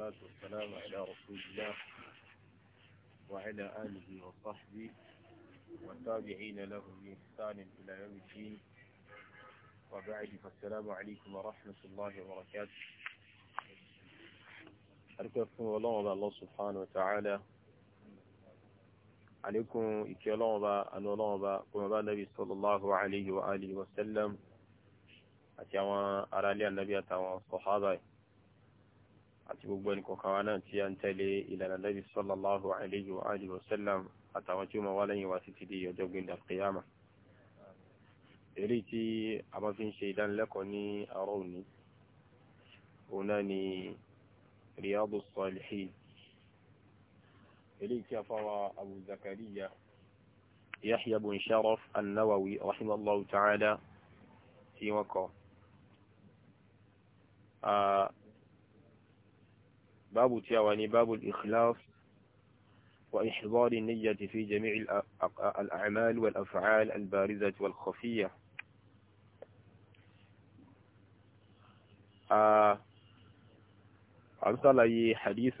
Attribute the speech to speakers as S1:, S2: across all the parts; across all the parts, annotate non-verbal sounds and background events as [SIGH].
S1: والصلاة والسلام على رسول الله وعلى آله وصحبه والتابعين لهم بإحسان إلى يوم الدين وبعد فالسلام عليكم ورحمة الله وبركاته أركبكم الله وضع الله سبحانه وتعالى عليكم إكلام أن الله وضع قم النبي صلى الله عليه وآله وسلم àti àwọn لي النبي àtàwọn sọ̀hábà àti gbogbo ẹnì kọ̀ọ̀kan wa náà tí a ń tẹ̀lé ìlànà Nabi sallallahu alayhi wa alihi wa sallam àtàwọn tí ó máa wá lẹ́yìn wa títí di ọjọ́ gbẹ̀ndà kìyàmà. èrè tí a máa fi ń ṣe ìdánilẹ́kọ̀ọ́ ní àárọ̀ òní òun náà ni Riyadu Salihin èrè tí a fáwa Abu Zakariya Yahya bin Sharaf an rahimahullahu ta'ala tí wọ́n kọ́. باب تياواني باب الإخلاص وإحضار النية في جميع الأعمال والأفعال البارزة والخفية آه أرسل لي حديث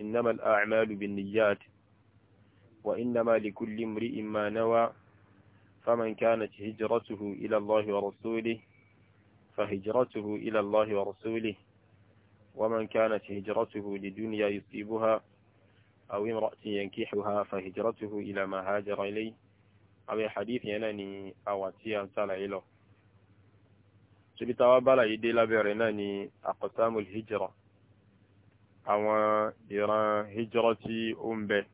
S1: إنما الأعمال بالنيات وإنما لكل امرئ ما نوى فمن كانت هجرته إلى الله ورسوله فهجرته إلى الله ورسوله ومن كانت هجرته لدنيا يصيبها أو امرأة ينكحها فهجرته إلى ما هاجر إليه أو حديث يناني أواتيا تعالى إله سبتوا بلا يدي لبرناني أقسام الهجرة أو إيران هجرة أمبه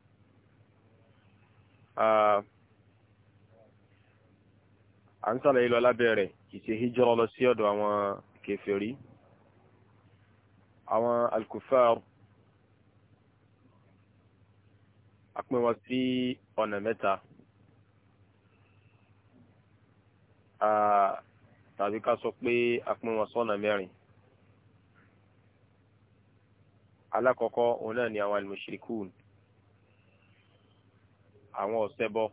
S1: à ń sàlàyé lọ lábẹ́ rẹ̀ kìí ṣe hijira àwọn alkufar apín wọn sí ọ̀nà mẹ́ta tàbí ká sọ pé apín wọn sọ́nà mẹ́rin alákọ̀ọ́kọ́ òun náà ni àwọn almushrikun àwọn ọ̀sẹ́bọ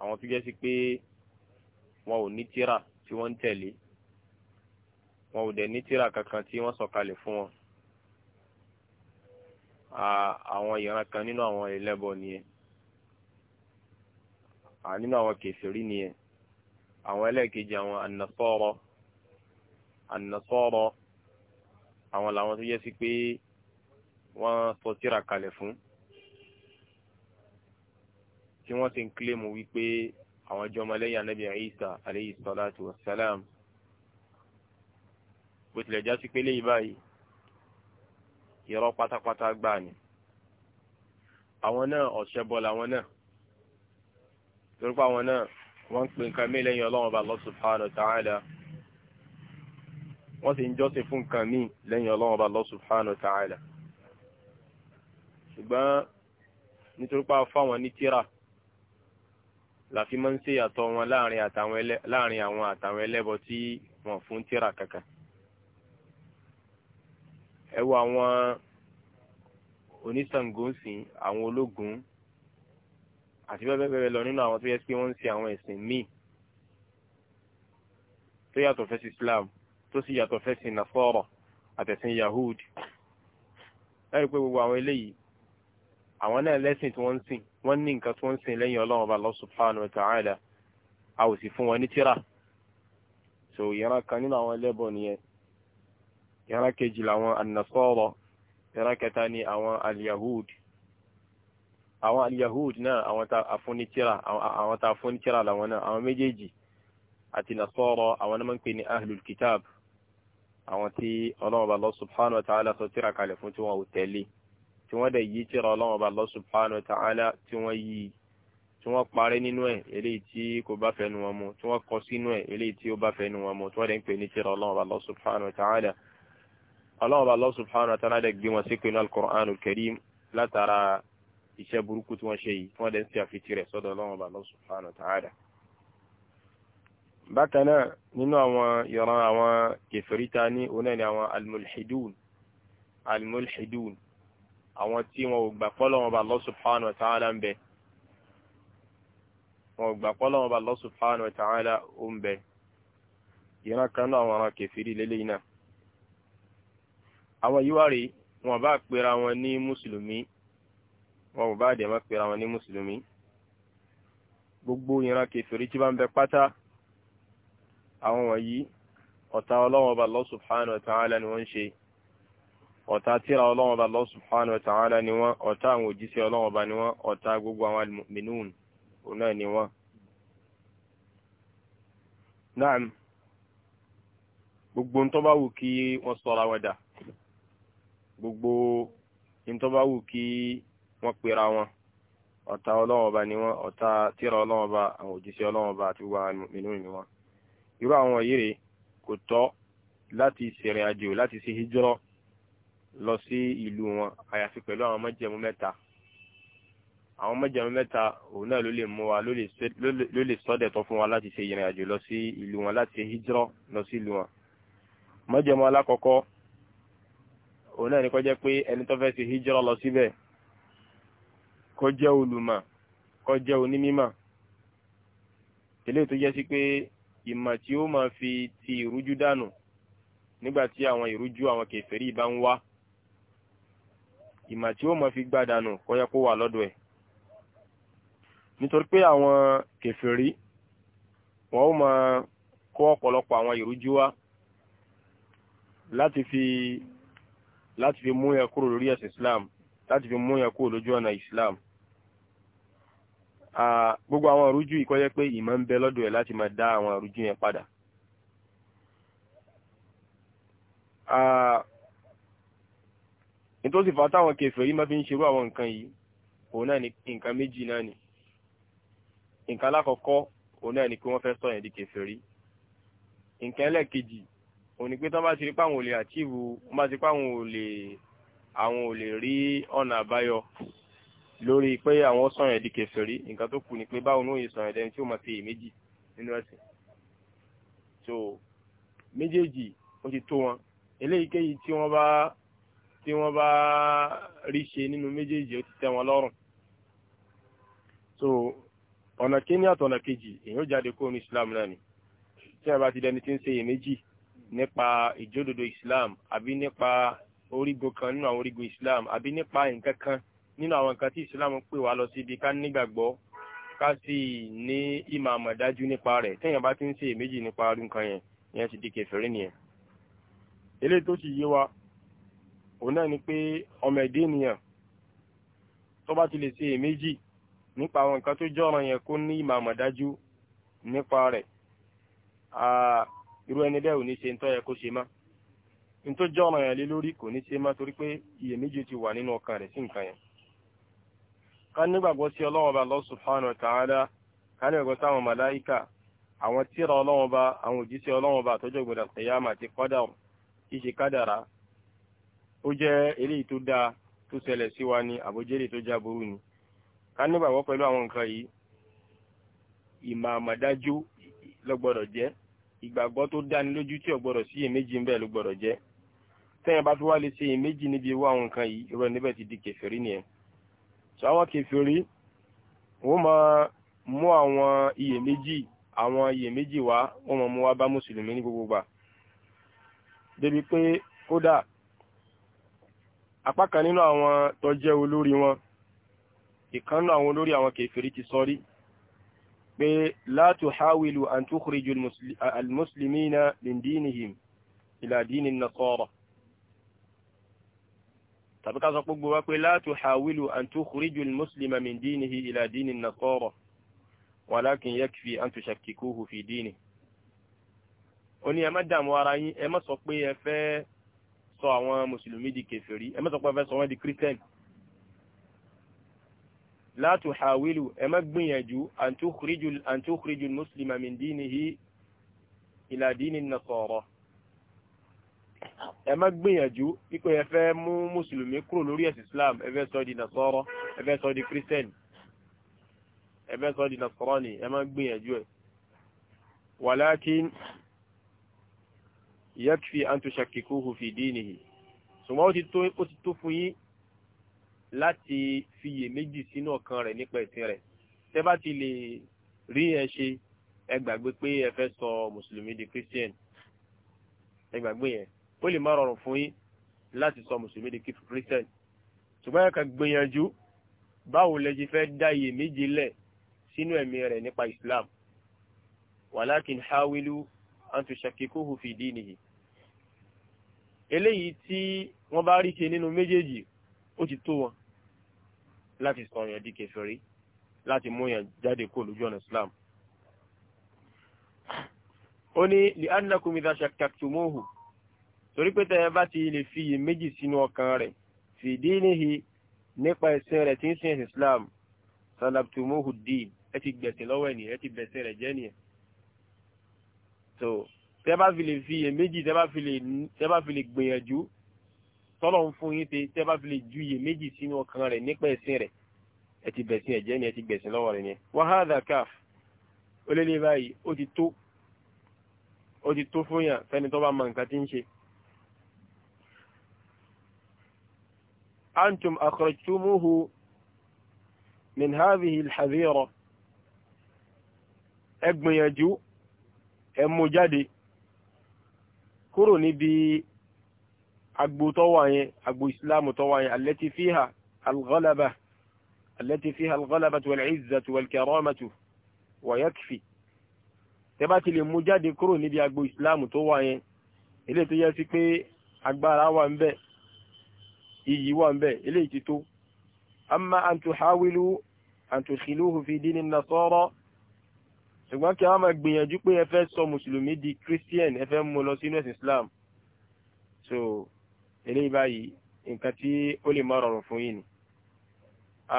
S1: àwọn tó jẹ́ sí pé wọn ò ní tírà tí wọ́n ń tẹ̀lé wọn ò dẹ̀ ní tírà kankan tí wọ́n sọ̀kalẹ̀ fún wọn àwọn ìran kan nínú àwọn ẹlẹ́bọ nìyẹn nínú àwọn kèfèrí nìyẹn àwọn ẹlẹ́ẹ̀kejì àwọn ànàsọ́rọ̀ ànàsọ́rọ̀ àwọn làwọn tó yẹ sí pé wọ́n sọ tírà kalẹ̀ fún tí wọ́n sì ń kílèmù wípé àwọn jọmọlẹ́yìn anábìyàn Isa alayhi salatu salam bó tilẹ̀ já sí pé léyìí báyìí irọ́ pátápátá gbà ní àwọn náà ọ̀ṣẹ́ bọ́ làwọn náà torí àwọn náà wọ́n ń pè nǹkan mí lẹ́yìn ọlọ́run ọba Allah subhanahu wa wọ́n sì ń jọ́sìn fún nǹkan mí lẹ́yìn ọlọ́run ọba Allah subhanahu wa ṣùgbọ́n nítorí a fáwọn ní tíra làfi máa ń wọn láàrin àwọn ewu wo àwọn oníṣàngóǹsìn àwọn ológun àti bẹ́ẹ̀ bẹ́ẹ̀ lọ nínú àwọn tó yẹ pé wọ́n ń ṣe àwọn ẹ̀sìn míì tó yàtọ̀ fẹ́sìn Islam tó sì yàtọ̀ fẹ́sìn Nasara àtẹ̀sìn Yahud ẹ pé gbogbo àwọn eléyìí àwọn náà lẹ́sìn tí wọ́n sìn wọ́n ní nǹkan tí wọ́n sìn lẹ́yìn Ọlọ́run bá Allah a ò sì fún wọn ní so ìran kan nínú àwọn nìyẹn ìran kejì làwọn annasọ́rọ̀ ìran kẹta ni àwọn alyahud àwọn alyahud náà àwọn ta afúnitira àwọn ta afúnitira làwọn náà àwọn méjèèjì àti nasọ́rọ̀ àwọn náà máa ń pè ní ahlul kitab àwọn tí ọlọ́run bá lọ subhanahu wa ta'ala sọ tírà kalẹ̀ fún tí wọn ò tẹ̀lé tí wọ́n dẹ̀ yí tírà ọlọ́run bá lọ subhanahu wa ta'ala tí wọ́n yí tí wọ́n parẹ́ nínú ẹ̀ eléyìí tí kò bá fẹ́nu wọn mu tí wọ́n kọ sínú ẹ̀ eléyìí tí ó bá fẹ́nu wọn mu tí wọ́n dẹ̀ ń pè ní tírà ọlọ́run bá lọ subhanahu wa ọlọ́run Allah subhanahu wa ta'ala dẹ̀ gbé wọn sí pinnu al-Qur'an al-Karim látara iṣẹ́ burúkú tí wọ́n ṣe yìí tí wọ́n dẹ̀ ń ṣe àfitì rẹ̀ sọ́dọ̀ ọlọ́run Allah subhanahu wa ta'ala. bákan náà nínú àwọn ìran àwọn kẹfìríta ní oná ni àwọn al-mulhidun al-mulhidun àwọn tí wọn ò gbà pọ́lọ́run Allah subhanahu wa ta'ala ń bẹ wọn ò gbà pọ́lọ́run Allah subhanahu wa ta'ala ń bẹ ìran kan náà àwọn kẹfìrí àwọn yíwá rè wọn bá pera wọn ní mùsùlùmí wọn ò bá dẹ̀ má pera wọn ní mùsùlùmí gbogbo ìran kèfèrí tí bá ń bẹ pátá àwọn wọ̀nyí ọ̀tá Ọlọ́hun Ọba Allah subhanahu wa ta'ala ni wọ́n ń ṣe ọ̀tá tíra Ọlọ́hun Ọba Allah subhanahu wa ta'ala ni wọ́n ọ̀tá àwọn òjíṣẹ́ Ọlọ́hun Ọba ni wọ́n ọ̀tá gbogbo àwọn al-mu'minun òun ni wọ́n. Naam gbogbo ń tó bá wù kí wọ́n sọra wọn dà gbogbo ntọ́ba wù kí wọ́n pera wọn ọ̀tá ọlọ́wọ́n ọba ni wọ́n ọ̀tá tíra ọlọ́wọ́n ọba àwọn òjíṣẹ́ ọlọ́wọ́n ọba àti wà nínú ni wọ́n irú àwọn yìí rè kò tọ́ láti ṣèrìn àjò láti ṣe hijrọ́ lọ sí ìlú wọn àyàfi pẹ̀lú àwọn májẹ̀mú mẹ́ta àwọn májẹ̀mú mẹ́ta òun náà ló lè mú wa ló lè sọ́dẹ̀ tọ́ fún wa láti ṣe ìrìn àjò lọ sí ìlú wọn láti ṣe hijrọ́ lọ sí ìlú wọn májẹ̀mú alákọ̀ọ́kọ́ òun náà ni kó jẹ́ pé ẹni tó fẹ́ ṣe hijira lọ síbẹ̀ kó jẹ́ olùmọ̀ kó jẹ́ onímímọ̀ eléyìí tó jẹ́ sí pé ìmọ̀ tí ó máa fi ti ìrújú dànù nígbà tí àwọn ìrújú àwọn kèfèrí bá ń wá ìmọ̀ tí ó máa fi gbà dànù kó kó wà lọ́dọ̀ ẹ̀ nítorí pé àwọn kèfèrí wọ́n ó máa kó ọ̀pọ̀lọpọ̀ àwọn ìrújú wá láti fi láti fi mú yẹn kúrò lórí ẹ̀sìn islam láti fi mú yẹn kúrò lójú ọ̀nà islam gbogbo àwọn ìrújú ìkọ́jẹ́ pé ìmọ̀ ń bẹ lọ́dọ̀ ẹ̀ láti máa dá àwọn ìrújú yẹn padà ní tó sì fà máa fi ń ṣerú àwọn nǹkan yìí òun náà ni nǹkan méjì náà ni nǹkan alákọ̀ọ́kọ́ òun náà ni pé wọ́n fẹ́ sọ yẹn di kèfèrí nǹkan ẹlẹ́ẹ̀kejì òun ni pé tán bá ti rí páwọn ò lè àtìwù wọ́n bá ti páwọn ò lè àwọn ò lè rí ọ̀nà àbáyọ lórí pé àwọn sọ̀rọ̀ ẹ̀dí kẹfẹ́ rí nǹkan tó kù ni pé báwo ni òye ẹ̀dẹ́ni tí ó máa ṣe èméjì nínú ẹ̀sìn so méjèèjì ó ti tó wọn eléyìíkéyìí tí wọ́n bá tí wọ́n bá rí ṣe nínú méjèèjì ó ti tẹ́ wọn lọ́rùn so ọ̀nà kíní àtọ̀nà kejì èyí ó jáde kó ní Islam náà ni tí wọ́n bá ti dẹni tí ń ṣe èméjì nípa ìjódodo Islam àbí nípa orígun kan nínú àwọn orígun Islam àbí nípa nǹkan kan nínú àwọn nǹkan tí Islam pè wá lọ síbi ká nígbàgbọ́ ká sì ní ìmọ̀ àmọ̀dájú nípa rẹ̀ téèyàn bá ti ń ṣe èméjì nípa ọdún kan yẹn ìyẹn ti di kèfèrí nìyẹn eléyìí tó sì yé wa òun náà ni pé ọmọ ẹ̀dá ènìyàn tó bá ti lè ṣe èméjì nípa àwọn nǹkan tó jọ́ràn yẹn kó ní ìmọ̀ àmọ̀dájú nípa rẹ̀ irú ẹni bẹ́ẹ̀ ò ní ṣe ntọ́ yẹ kó ṣe má ntọ́ jẹ́ ọ̀ràn yẹn lé lórí kò ní ṣe má torí pé iyèméjì ti wà nínú ọkàn rẹ̀ sí nǹkan yẹn. ká nígbàgbọ́ sí ọlọ́wọ́n ọba Allah subhanahu wa ta'ala ká nígbàgbọ́ sáwọn màláìkà àwọn tíra ọlọ́wọ́n àwọn òjíṣẹ́ ọlọ́wọ́n àtọ́jọ́ ìgbòdà kẹyàmà àti kọ́dà ìṣe kádàrá ó jẹ́ eléyìí tó dáa tó ṣẹlẹ̀ sí wa ní àbójẹ́lẹ̀ tó ni ká ìgbàgbọ́ tó dáni lójú tí ó gbọ́dọ̀ sí èméjì ń bẹ́ẹ̀ ló gbọ́dọ̀ jẹ́ tẹ́yìn bá tó wá lè ṣe èméjì níbi wá àwọn nǹkan yìí irọ́ níbẹ̀ ti di kẹfẹ́rí nìyẹn sọ àwọn kẹfẹ́rí wọ́n máa mú àwọn iyèméjì àwọn iyèméjì wá wọ́n máa mú wá bá mùsùlùmí ní gbogbo gbà débi pé kódà apá kan nínú àwọn tó jẹ́ olórí wọn ìkan nínú àwọn olórí àwọn kẹfẹ́rí ti sọ rí pé la tuhawilu an tukhriju al-muslimina min dinihim ila dini an-nasara tàbí ká sọ gbogbo wá pé la tuhawilu an tukhriju al-muslima min dinihi ila dini an-nasara walakin yakfi an tushakkikuhu fi dinihi ó ní ẹ má dààmú ara yín ẹ má sọ pé ẹ fẹ́ sọ àwọn mùsùlùmí di kèfèrí ẹ má sọ pé ẹ fẹ́ sọ wọ́n di kírísítẹ́nì la tuhawilu ẹ má gbìyànjú an tukhriju an tukhriju muslima min dinihi ila dini nasara ẹ má gbìyànjú pípẹ́ ẹ fẹ́ mú mùsùlùmí kúrò lórí ẹ̀sìn islam ẹ fẹ́ sọ di nasara ẹ fẹ́ sọ di christian ẹ fẹ́ sọ di nasarani gbìyànjú ẹ̀ walakin yakfi an fi dinihi ṣùgbọ́n ó ti láti fiyèméjì sínú ọkàn rẹ̀ nípa ẹ̀sìn rẹ̀ tẹ́ bá ti lè rí ẹ ṣe ẹ gbàgbé pé ẹ fẹ́ sọ mùsùlùmí di christian ẹ gbàgbé yẹn ó lè má rọrùn fún yín láti sọ mùsùlùmí di christian ṣùgbọ́n ẹ kàn gbìyànjú báwo lẹ ti fẹ́ dá iyèméjì lẹ̀ sínú ẹ̀mí rẹ̀ nípa islam wàlákin hawilu an tushakikuhu fi dinihi eléyìí tí wọ́n bá rí ṣe nínú méjèèjì ó ti tó wọn láti sọ ọ̀yàn di kèfèrí láti mú yàn jáde kó lójú ọ̀nà islam. ó ní li annakum idha shakkaktumuhu torí pé tẹ́ ẹ bá ti lè fi iye méjì sínú ọkàn rẹ̀ fi dinihi nípa ẹ̀sìn rẹ̀ tí ń sin islam salabtumuhu din ẹ ti gbẹ̀sìn lọ́wọ́ ẹ̀nìyàn ẹ ti bẹ̀sìn rẹ̀ jẹ́ nìyẹn. so tẹ́ bá fi lè fi iye méjì tẹ́ bá fi lè gbìyànjú tọ́lọ̀ ń fún yín pé tẹ́ bá fi lè ju iye méjì sínú ọkàn rẹ̀ nípa ẹ̀sìn rẹ̀ ẹ ti bẹ̀sìn ẹ̀jẹ̀ ni ẹ ti gbẹ̀sìn lọ́wọ́ rẹ̀ ni wàhálà káf ó lé lé báyìí ó ti tó ó ti tó fún yàn fẹ́ni tó bá mọ nǹkan tí ń ṣe. antum akhrajtumuhu min hadhihi alhadhira ẹ gbìyànjú jáde kúrò níbi agbo tó wà yẹn agbo ìsìláàmù tó wà yẹn allati fiha al-ghalaba allati fiha al-ghalaba wal-izzatu wal-karamatu wa yakfi tẹ́bá ti lè mú jáde kúrò níbi agbo ìsìláàmù tó wà yẹn ilé tó yẹ sí pé agbára wà ń bẹ iyì wà ń bẹ ilé ti tó amma an tuhawilu an tudkhiluhu fi dini nasara ṣùgbọ́n kí a máa gbìyànjú pé ẹ fẹ́ sọ mùsùlùmí di christian ẹ fẹ́ mú lọ sínú ẹ̀sìn islam so eléyìí báyìí nǹkan tí ó lè má rọrùn fún yín ni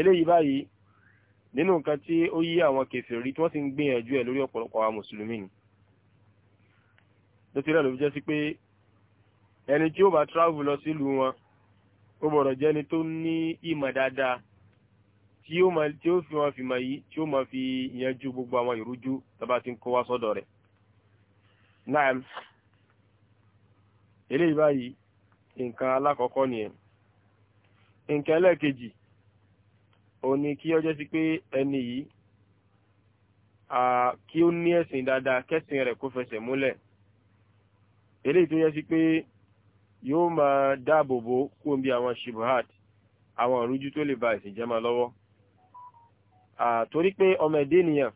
S1: eléyìí báyìí nínú nǹkan tí ó yí àwọn kèfèrí tí wọ́n sì ń gbìyànjú ẹ̀ lórí ọ̀pọ̀lọpọ̀ àwọn mùsùlùmí ni ló ti rẹ̀ ló fi jẹ́ sí pé ẹni tí ó bá travel lọ sílùú wọn ó bọ̀rọ̀ jẹ́ ẹni tó ní ìmọ̀ dáadáa tí ó ma tí ó fi wọn fi mọ̀ yìí tí ó ma fi yanjú gbogbo àwọn ìrújú tó bá ti ń kó wá sọ́dọ̀ rẹ̀ náà eléyìí báyìí nǹkan alákọ̀ọ́kọ́ nìyẹn nǹkan ẹlẹ́ẹ̀kejì òun ni kí ó jẹ́ sí pé ẹni yìí kí ó ní ẹ̀sìn dáadáa kẹ́sìn rẹ̀ kó fẹsẹ̀ múlẹ̀ eléyìí tó yẹ sí pé yóò máa dáàbò bò kúrò bí àwọn shibuhat àwọn òrújú tó lè ba ẹ̀sìn jẹ́ máa lọ́wọ́ torí pé ọmọ ẹ̀dẹ́ ènìyàn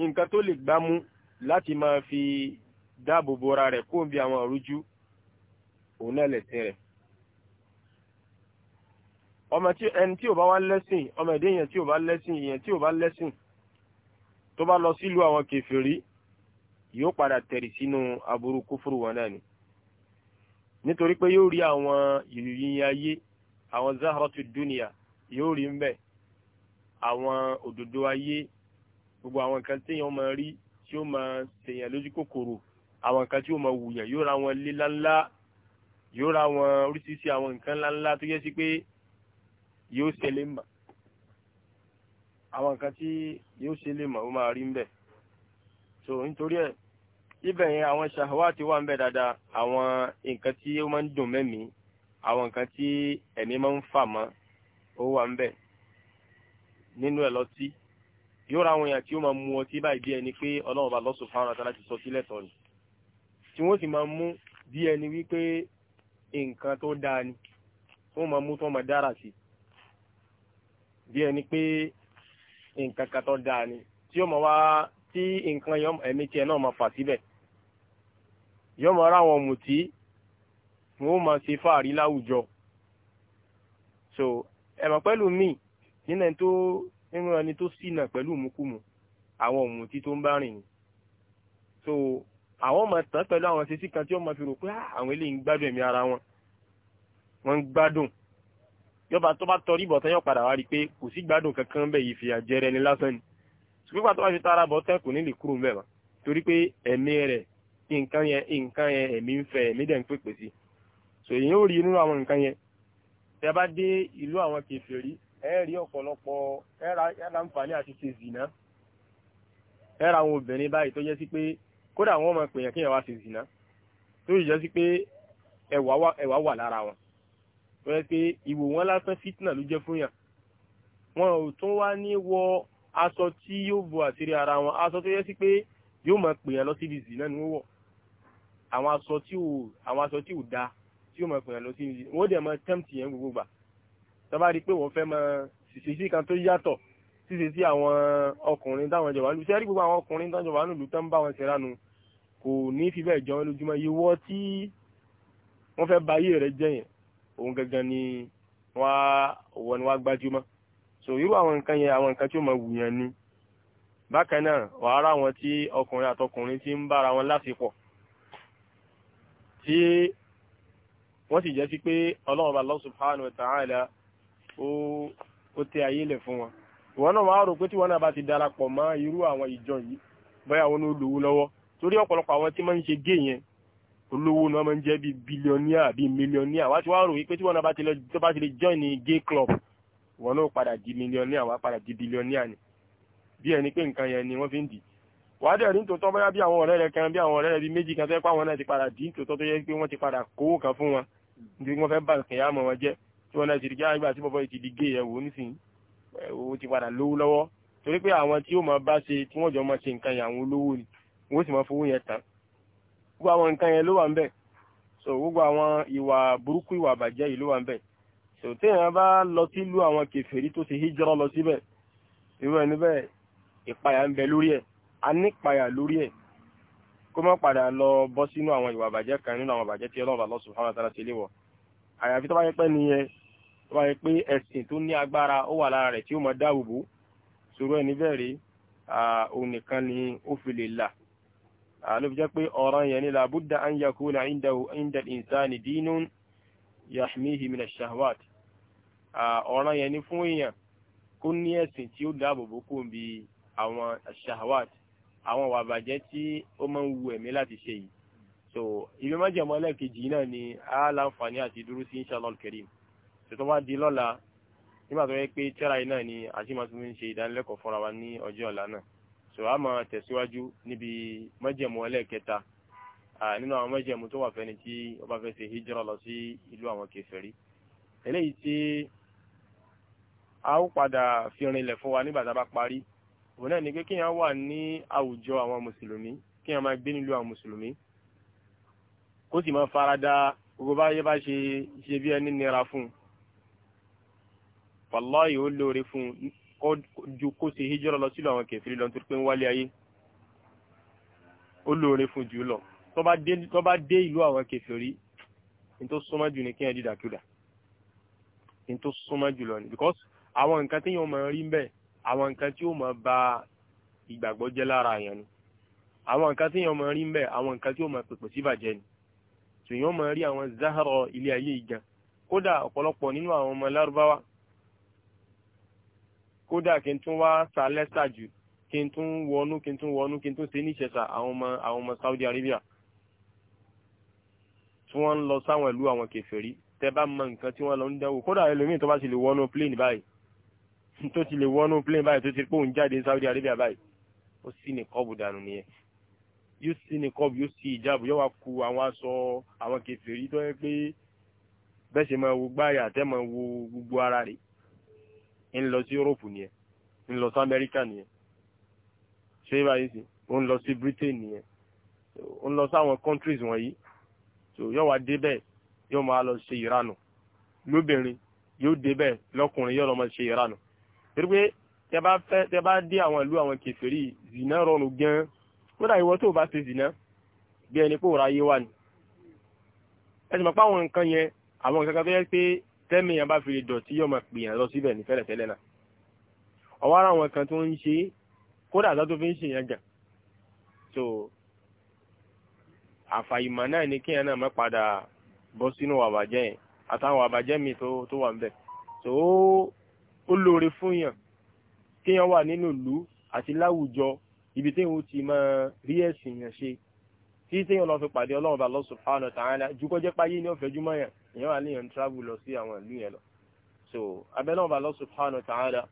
S1: nǹkan tó lè gbámú láti máa fi dáàbò bora rẹ̀ kó bí àwọn òrújú òun náà lẹ̀sìn rẹ̀ ọmọ tí ẹni tí ò bá wá lẹ́sìn ọmọ ẹ̀dẹ́ èèyàn tí ò bá lẹ́sìn èèyàn tí ò bá lẹ́sìn tó bá lọ sílùú àwọn kèfèrí yóò padà tẹ̀rì sínú aburú kúfúrú wọn náà ni nítorí pé yóò rí àwọn ìròyìn ayé àwọn zahratu dunia yóò rí ń bẹ àwọn òdòdó ayé gbogbo àwọn kan téèyàn máa rí tí ó máa ṣèyàn lójú kòkòrò àwọn nǹkan tí ó máa wùyàn yóò ra wọn lé ńláńlá yóò ra wọn oríṣiríṣi àwọn nǹkan ńláńlá tó yẹ sí pé yóò ṣẹlẹ̀ mà àwọn nǹkan tí yóò ṣẹlẹ̀ mà ó máa rí ń so nítorí ẹ̀ ibẹ̀ yẹn àwọn ṣàhàwátì wà ń bẹ̀ dáadáa àwọn nǹkan tí ó máa ń dùn mẹ́mìí àwọn nǹkan tí ẹ̀mí máa ń fà mọ́ ó wà ń nínú ẹ̀ lọ́tí yóò ra àwọn èèyàn tí ó máa mu ọtí báyìí bí ẹni pé ọlọ́run bá lọ́sùn fáwọn àtàlá ti sọ sílẹ̀ tọ́ ni tí wọ́n sì máa mú bí ẹni wípé nǹkan tó dáa ni wọ́n máa mú tó máa dára sí bí ẹni pé nǹkan kan tó dáa ni tí ó máa wá tí nǹkan ẹ̀mí tiẹ̀ náà máa fà síbẹ̀ yóò máa ra àwọn ọ̀mùtí wọ́n máa ṣe fáàrí láwùjọ so ẹ̀mọ̀ pẹ́lú míì nínú ẹni tó nínú ẹni tó ṣìnà pẹ̀lú ìmúkùmù àwọn òmùtí tó ń bá rìn ni so àwọn ọmọ tán pẹ̀lú àwọn ṣe sí kan tí ó máa fi rò pé ah, àwọn eléyìí ń gbádùn ẹ̀mí ara wọn wọ́n ń gbádùn yọba tó bá tọrí ìbọ̀ tán yóò padà wá rí pé kò sí gbádùn kankan bẹ́ẹ̀ yìí fi àjẹrẹ ni lásán ni ṣùgbọ́n tó bá fi tara bọ̀ kò ní lè kúrò ń bẹ̀ mọ́ torí pé ẹ̀mí rẹ̀ nǹkan yẹn nǹkan yẹn ẹ̀mí ń fẹ́ ẹ̀mí dẹ̀ ń pèpè sí so èyí ó rí inú àwọn nǹkan yẹn tẹ bá dé ìlú àwọn kèfèrí ẹ̀rí ọ̀pọ̀lọpọ̀ ẹ̀rà àǹfààní àti ṣe zìnà ẹ̀rà àwọn obìnrin báyìí tó jẹ́ sí pé kódà wọ́n máa pèèyàn kíyàn wá ṣe zìnà tó yìí jẹ́ sí pé ẹ̀wà wà lára wọn tó jẹ́ pé ìwò wọn lásán fitna ló jẹ́ fún yàn wọn ò tún wá ní wọ aṣọ tí yóò bo àṣírí ara wọn aṣọ tó jẹ́ sí pé yóò máa pèèyàn lọ síbi zìnà ni wọ́n wọ̀ àwọn aṣọ tí ò da tí yóò máa pèèyàn lọ síbi zìnà wọ́n dẹ̀ máa tẹ́mtì yẹn gbogbo gbà tó bá rí pé wọ́n fẹ́ mọ ṣìṣìṣì kan tó yàtọ̀ ṣíṣe sí àwọn ọkùnrin táwọn jọba lù sẹ́rí gbogbo àwọn ọkùnrin táwọn jọba lù tán bá wọn ṣẹ̀ránu kò ní fi bẹ́ẹ̀ jẹun lójúmọ́ yìí wọ́ tí wọ́n fẹ́ ba ayé rẹ̀ jẹ́ òun gangan ni wá wọ́n ni wá gbájúmọ́ so irú àwọn nǹkan yẹn àwọn nǹkan tí ó mọ wù yẹn ni bákan náà wàá rà wọn tí ọkùnrin àtọkùnrin ti ń bára wọn láṣepọ̀ tí wọ́n sì jẹ́ sí pé ọlọ́run bá Allah subhanahu wa ta'ala ó tẹ ayé lẹ̀ fún wọn ìwọ náà wàá rò pé tí wọn náà bá ti darapọ̀ mọ́ irú àwọn ìjọ yìí bóyá wọn ló lówó lọ́wọ́ torí ọ̀pọ̀lọpọ̀ àwọn tí máa ń ṣe gé yẹn olówó náà máa ń jẹ́ bíi bílíọ̀níà bíi mílíọ̀níà wá ti wá rò wípé tí wọn náà bá ti lè join ní gay club wọn náà padà di mílíọ̀níà wá padà di bílíọ̀níà ni bí ẹni pé nǹkan yẹn ni wọ́n fi ń dì wàá dẹ̀ rí tòótọ́ bóyá bí àwọn ọ̀rẹ́ rẹ kan bí àwọn ọ̀rẹ́ rẹ bíi méjì kan tó yẹ pé àwọn náà ti padà dì tòótọ́ tó yẹ pé wọ́n ti padà kówó kan fún wọn nítorí wọ́n fẹ́ bá nǹkan yá mọ́ wọn jẹ́ tí wọ́n náà ti di jẹ́ àgbà tí bọ́bọ́ ti di gé ẹ̀wò nísìnyí owó ti padà lówó lọ́wọ́ torí pé àwọn tí ó máa bá ṣe tí wọ́n jọ máa ṣe nǹkan yẹn àwọn olówó ni wọ́n sì máa fowó yẹn tán gbogbo àwọn nǹkan yẹn ló wà ń bẹ̀ so gbogbo àwọn ìwà burúkú ìwà àbàjẹ́ yìí ló wà ń bẹ̀ so téèyàn bá lọ sílú àwọn kèfèrí tó ṣe hijrọ́ lọ síbẹ̀ irú ẹni bẹ́ẹ̀ ìpayà ń bẹ lórí ẹ̀ a ní ìpayà lórí ẹ̀ kó má padà lọ bọ́ sínú àwọn ìwà àbàjẹ́ kan nínú àwọn àbàjẹ́ tí Ọlọ́run Allah subhanahu wa ta'ala ṣe àyàfi tó bá yẹ pẹ́ nìyẹn tó bá yẹ pé ẹ̀sìn tó ní agbára ó wà lára rẹ̀ tí ó mọ dáàbòbò sòrò ẹni bẹ́ẹ̀ rí òun nìkan ni ó fi lè là ló fi jẹ́ pé ọ̀ràn yẹn ni làbúdà an yakuna inda insani dinun yahmihi min ash-shahwat ọ̀ràn yẹn ni fún èèyàn kó ní ẹ̀sìn tí ó dáàbòbò kò ń bi àwọn ash-shahwat àwọn wà bàjẹ́ tí ó máa ń wu ẹ̀mí láti ṣe yìí so ibi májẹ̀mọ́ ẹlẹ́ẹ̀kejì náà ni a láǹfààní àti dúró sí inshallah al-karim tètò wá di lọ́la nígbà tó yẹ pé tíra yìí náà ni àṣìmọ́tò ń ṣe ìdánilẹ́kọ̀ọ́ fúnra wa ní ọjọ́ ọ̀la náà so a máa tẹ̀síwájú níbi májẹ̀mú ẹlẹ́ẹ̀kẹta nínú àwọn májẹ̀mú tó wà fẹ́ni tí ó bá fẹ́ ṣe hijira lọ sí ìlú àwọn kèfèrí eléyìí tí a ó padà fi rinlẹ̀ fún wa nígbà tá a bá parí òun náà ni pé kíyàn wà ní àwùjọ àwọn mùsùlùmí kíyàn máa gbé nílùú àwọn mùsùlùmí kó sì máa farada gbogbo báyé bá ṣe ṣe bí ẹni nira fún un wàláyé ó lóore fún un ju kó ṣe hijira lọ sílò àwọn kẹfìrí lọ nítorí pé ń wálé ayé ó lóore fún jù lọ tó bá dé ìlú àwọn kẹfìrí ní tó súnmọ́ jù ní kíyàn dídàkúdà ní tó súnmọ́ jù lọ ni because àwọn nǹkan tí yóò máa rí ń àwọn nǹkan tí yóò máa ba ìgbàgbọ́ jẹ́ lára àyàn ni àwọn nǹkan tí yóò máa rí ń bẹ̀ àwọn nǹkan tí yóò máa pèpè sí ìbàjẹ́ ni tùyàn máa rí àwọn záhàrọ̀ ilé ayé ìgan kódà ọ̀pọ̀lọpọ̀ nínú àwọn ọmọ lárúbáwá kódà kí n tún wá sa lẹ́sà jù kí n tún wọnú kí n tún wọnú kí n tún ṣe ní àwọn ọmọ àwọn ọmọ Saudi Arabia tí wọ́n ń lọ sáwọn ìlú àwọn kèfèrí tẹ́ bá mọ nǹkan tí wọ́n lọ ń dánwò kódà ẹlòmíì tó bá ti lè wọnú plane báyìí [LAUGHS] tó ti lè wọnú plane báyìí tó ti pé òun jáde Saudi Arabia báyìí ó sì ní kọ́ọ̀bù dànù nìyẹn yóò sì ní kọ́ọ̀bù yóò sì ìjáàbù yóò wá ku àwọn aṣọ àwọn kèfèrí tó yẹ pé bẹ́ẹ̀ ṣe máa wo gbáyà tẹ́ máa wo gbogbo ara rẹ̀ ń lọ sí Europe nìyẹn ń lọ sí Amẹ́ríkà nìyẹn ṣé báyìí sí ó ń lọ sí Britain nìyẹn ó ń lọ sí àwọn countries wọ̀nyí so yóò wá débẹ̀ yóò máa lọ ṣe ìranù lóbìnrin yóò débẹ̀ lọ́kùnrin yóò lọ máa ṣe ìranù torí pé tẹ bá fẹ́ tẹ bá dé àwọn ìlú àwọn kèfèrí zina rọrùn gan kódà ìwọ tó bá ṣe zina bí ẹni pé òrà ayé wà ní ẹ̀sìn mọ̀ pé àwọn nǹkan yẹn àwọn nǹkan kan tó yẹ pé tẹ́mìyàn bá fi lè dọ̀tí yọ máa pèèyàn lọ síbẹ̀ ní fẹ́lẹ̀fẹ́lẹ̀ náà ọwọ́ ara àwọn kan tó ń ṣe kódà tó fi ń ṣèyàn gàn so àfàìmọ̀ náà ni kíyàn náà má padà bọ́ sínú àbàjẹ́ yẹn àtàwọn àbàjẹ́ mi tó wà ń so ó lóore fún yàn kíyàn wà nínú ìlú àti láwùjọ ibi tí wọ́n ti máa rí ẹ̀sìn yàn ṣe tí tí yàn lọ fi pàdé ọlọ́run bá Allah subhanahu wa ta'ala jùkọ́ jẹ́ páyé ní ọ̀fẹ́júmọ́ yàn èèyàn wà níyàn travel lọ sí àwọn ìlú yẹn lọ so abẹ́lẹ́ ọba Allah subhanahu wa ta'ala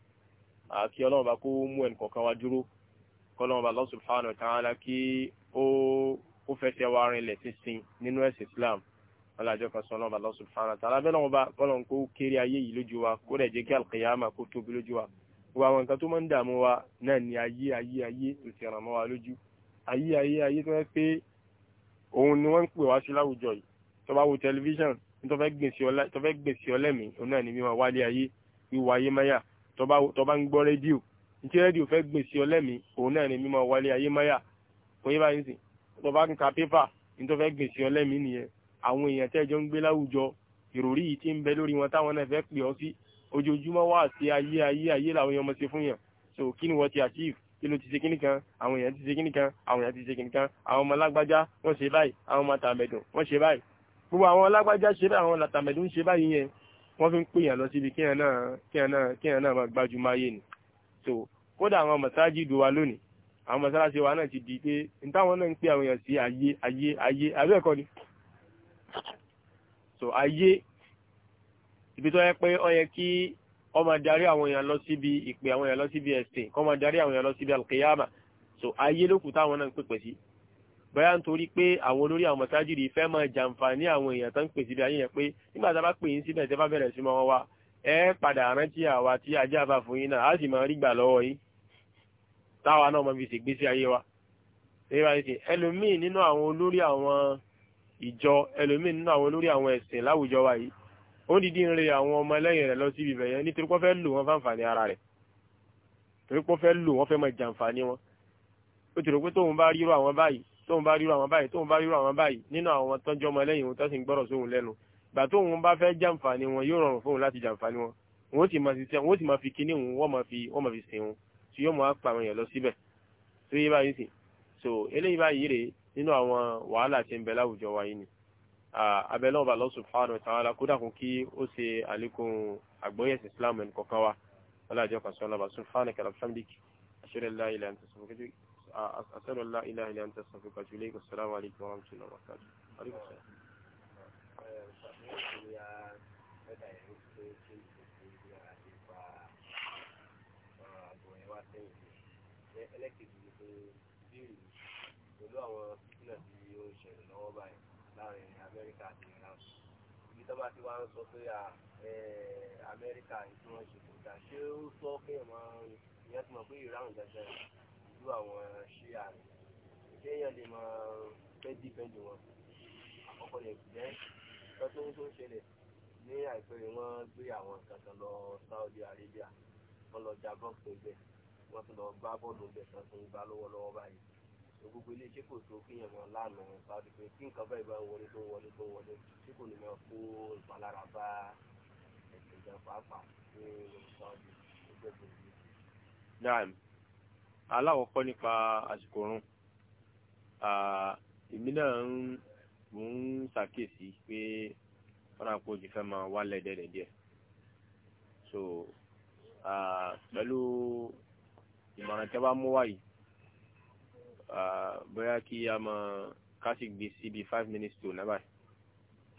S1: àkí ọlọ́run ọba kó mú ẹnì kọ̀ọ̀kan wá dúró kọ́lọ́run ọba Allah subhanahu wa ta'ala kí ó ó fẹsẹ̀ wá rinlẹ̀ sísìn nínú ẹ̀sìn Islam ọlájọ́ kan sọ́nà ọba Allah subhanahu wa ta'ala abẹ́lẹ́ ọba kọ́lọ́run kó kéré ayé yìí lójú wa kó rẹ̀ jẹ́ kí al-qiyama kó tóbi lójú wa gbogbo àwọn nǹkan tó máa ń dààmú wa náà ni ayé ayé ayé tó ti ràn mọ́ wa lójú ayé ayé ayé tó wẹ́ pé òun ni wọ́n ń pè wá sí láwùjọ yìí tó bá wo tẹlifíṣàn tó fẹ́ gbìn sí ọlẹ́mì òun náà ni mímọ wálé ayé wíwá ayé máyà tó bá ń gbọ́ rédíò ntí rédíò fẹ́ gbìn sí ọlẹ́mì òun náà ni mímọ wálé ayé máyà kò yé báyìí sìn tó bá ń ka pépà ní tó fẹ́ gbìn sí ọlẹ́mì nìyẹn àwọn èèyàn tẹ́jọ́ ń gbé láwùjọ ìròrí yìí ti ń bẹ lórí wọn táwọn náà fẹ́ pè ọ́ sí ojoojúmọ́ wà sí ayé ayé ayé làwọn èèyàn so kí ni wọ́n ti achieve kí ló ti ṣe kíní kan àwọn èèyàn ti ṣe kíní kan àwọn èèyàn ti ṣe kíní kan àwọn ọmọ alágbájá wọ́n ṣe báyìí àwọn ọmọ tàmẹ̀dùn wọ́n ṣe báyìí gbogbo àwọn lágbájá ṣe báyìí àwọn làtàmẹ̀dù ń ṣe báyìí yẹn wọ́n fi ń pè yàn lọ síbi kíyàn náà kíyàn náà kíyàn náà máa gbájú máyé ni so kódà àwọn mọ̀sáájì dù wa lónìí àwọn mọ̀sáájì wa náà ti di pé n táwọn náà ń pè àwọn èèyàn sí ayé ayé ayé abẹ́ ẹ̀kọ́ ni so ayé ibi tó yẹ pé ó yẹ kí ó máa darí àwọn èèyàn lọ síbi ìpè àwọn èèyàn lọ síbi ẹ̀sìn kó máa darí àwọn èèyàn lọ síbi alkiyama so ayé lókùtà àwọn náà ń pèpè sí bóyá nítorí pé àwọn olórí àwọn mọ̀sájìrì fẹ́ máa jàǹfààní àwọn èèyàn tó ń pè síbi ayé yẹn pé nígbà tá a bá pè yín síbẹ̀ tẹ́ bá bẹ̀rẹ̀ sí máa wá ẹ padà rántí àwa tí ajá bá fún yín náà á sì máa rí gbà lọ́wọ́ yín táwa náà máa fi ṣègbésí ayé wa ẹlòmíì nínú àwọn olórí àwọn ìjọ ẹlòmíì nínú àwọn olórí àwọn ẹ̀sìn láwùjọ wa yìí ó dìdí ń re àwọn ọmọ ẹlẹ́yìn rẹ̀ lọ síbi ibẹ̀ yẹn nítorí pé fẹ́ lò wọ́n fáǹfààní ara rẹ̀ torí pé fẹ́ lò wọ́n fẹ́ máa jàǹfààní wọn ó ti rò pé tóun bá ríro àwọn báyìí tóun bá ríru àwọn báyìí tóun bá ríru àwọn báyìí nínú àwọn tọ́jú ọmọ lẹ́yìn òun tó sì ń gbọ́rọ̀ sóhun lẹ́nu gbà tóun bá fẹ́ jàǹfààní wọn yóò rọrùn fóun láti jàǹfààní wọn wọ́n sì máa ṣiṣẹ́ wọ́n sì máa fi kíní òun wọ́n máa fi wọ́n máa fi sìn òun tí yóò máa pa àwọn èèyàn lọ síbẹ̀ tó yé báyìí sì so eléyìí báyìí rèé nínú àwọn wàhálà tí ń bẹ láwùjọ wa yìí ni abẹ́lẹ́ ọba Allah subhanahu wa ta'ala kódà kún kí ó ṣe àlékún àgbọ́yẹ̀sì Islam ẹnì kọ̀ọ̀kan wa ọlá àjọkàn sọ́nà bá subhanaka wa bihamdik ashhadu an la ilaha illa anta astaghfiruka أسأل الله إله إلا أنت أستغفرك وأتوب إليك والسلام عليكم ورحمة الله وبركاته عليكم السلام pẹ̀lú àwọn fìtínà tí ó ń ṣẹlẹ̀ lọ́wọ́ báyìí láàrin amẹ́ríkà àti iran ibi tó bá ti wá ń sọ pé amẹ́ríkà ìtúwọ̀n ṣe kò ṣé ó sọ pé ìyẹn ti mọ̀ pé iran pẹ̀lú àwọn ṣíà rẹ̀ kéèyàn lè máa fẹ́ dífẹ́ǹdì wọn àkọ́kọ́ lè jẹ́ tọ́tún tó ń ṣẹlẹ̀ ní àìpẹ́ rẹ̀ gbé àwọn kankan lọ Saudi Arabia wọ́n lọ ja box níbẹ̀ wọ́n tún lọ gbá bọ́ọ̀lù níbẹ̀ kan tún gbá lọ́wọ́lọ́wọ́ báyìí gbogbo ilé ṣé kò tó kéèyàn máa lánàá Saudi pé kí nǹkan báyìí bá wọlé tó wọlé tó wọlé tí kò ní máa kó ìpalára bá ẹ̀sìn ìjọba pàápàá ní Saudi gbogbo ìgbésí aláwọ̀kọ́ nípa àsìkò oorun èmi náà ń mú ń ṣàkíyèsí pé ọ̀nàpọ̀ òjì fẹ́ máa wálẹ̀ dẹ́dẹ̀díẹ̀ so pẹ̀lú ìmọ̀ràn tẹ́ bá mú wáyìí bóyá kí a mọ̀ ká sì gbé síbi five minutes to náà báyìí